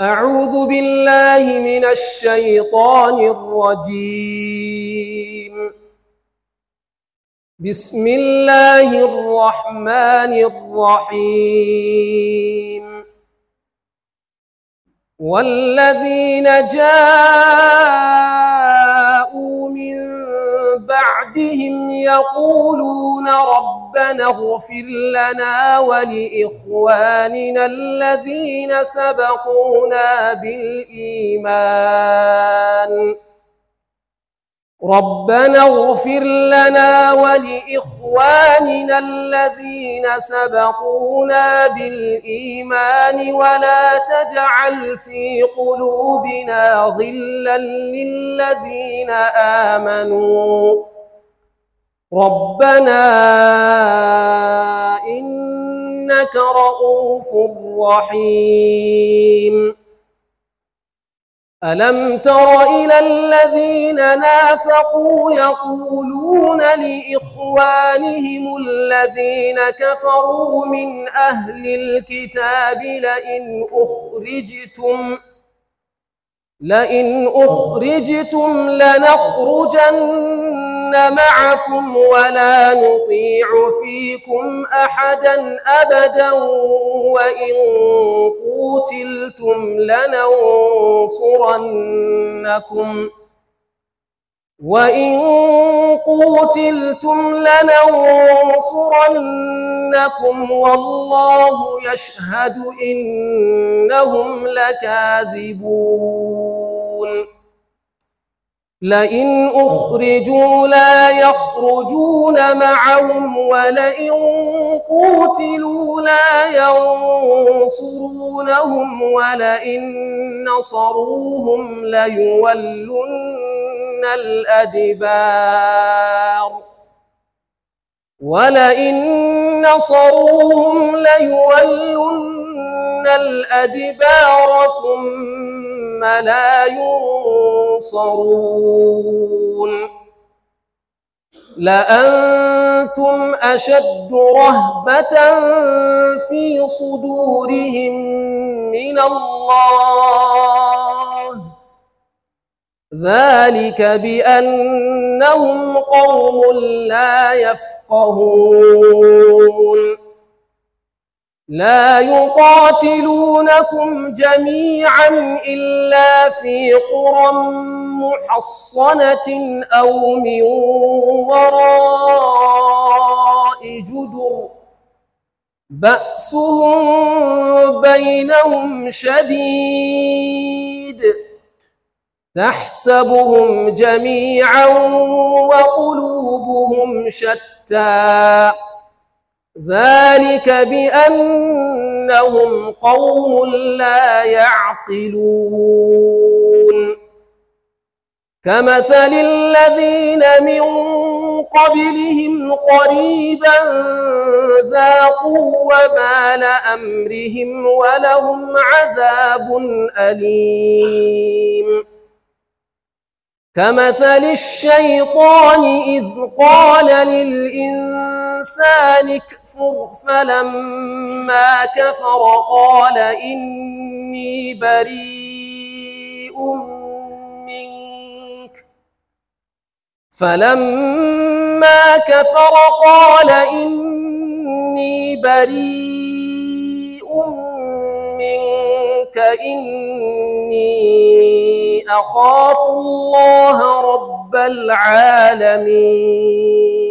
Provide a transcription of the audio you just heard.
أعوذ بالله من الشيطان الرجيم بسم الله الرحمن الرحيم والذين جاءوا من بعدهم يقولون ربنا اغفر لنا ولإخواننا الذين سبقونا بالإيمان ربنا اغفر لنا ولإخواننا الذين سبقونا بالإيمان ولا تجعل في قلوبنا ظلا للذين آمنوا ربنا إنك رؤوف رحيم ألم تر إلى الذين نافقوا يقولون لإخوانهم الذين كفروا من أهل الكتاب لئن أخرجتم لئن أخرجتم لنخرجن معكم ولا نطيع فيكم احدا ابدا وان قوتلتم لننصرنكم وإن قوتلتم لننصرنكم والله يشهد إنهم لكاذبون لئن أخرجوا لا يخرجون معهم ولئن قوتلوا لا ينصرونهم ولئن نصروهم ليولن الأدبار ولئن نصروهم ليولن الأدبار ثم لا ينصرون ينصرون لأنتم أشد رهبة في صدورهم من الله ذلك بأنهم قوم لا يفقهون لا يقاتلونكم جميعا إلا في قرى محصنة أو من وراء جدر بأسهم بينهم شديد تحسبهم جميعا وقلوبهم شتى ذلك بأنهم قوم لا يعقلون كمثل الذين من قبلهم قريبا ذاقوا وبال أمرهم ولهم عذاب أليم كمثل الشيطان إذ قال للإنسان الإنسان اكفر فلما كفر قال إني بريء منك فلما كفر قال إني بريء منك إني أخاف الله رب العالمين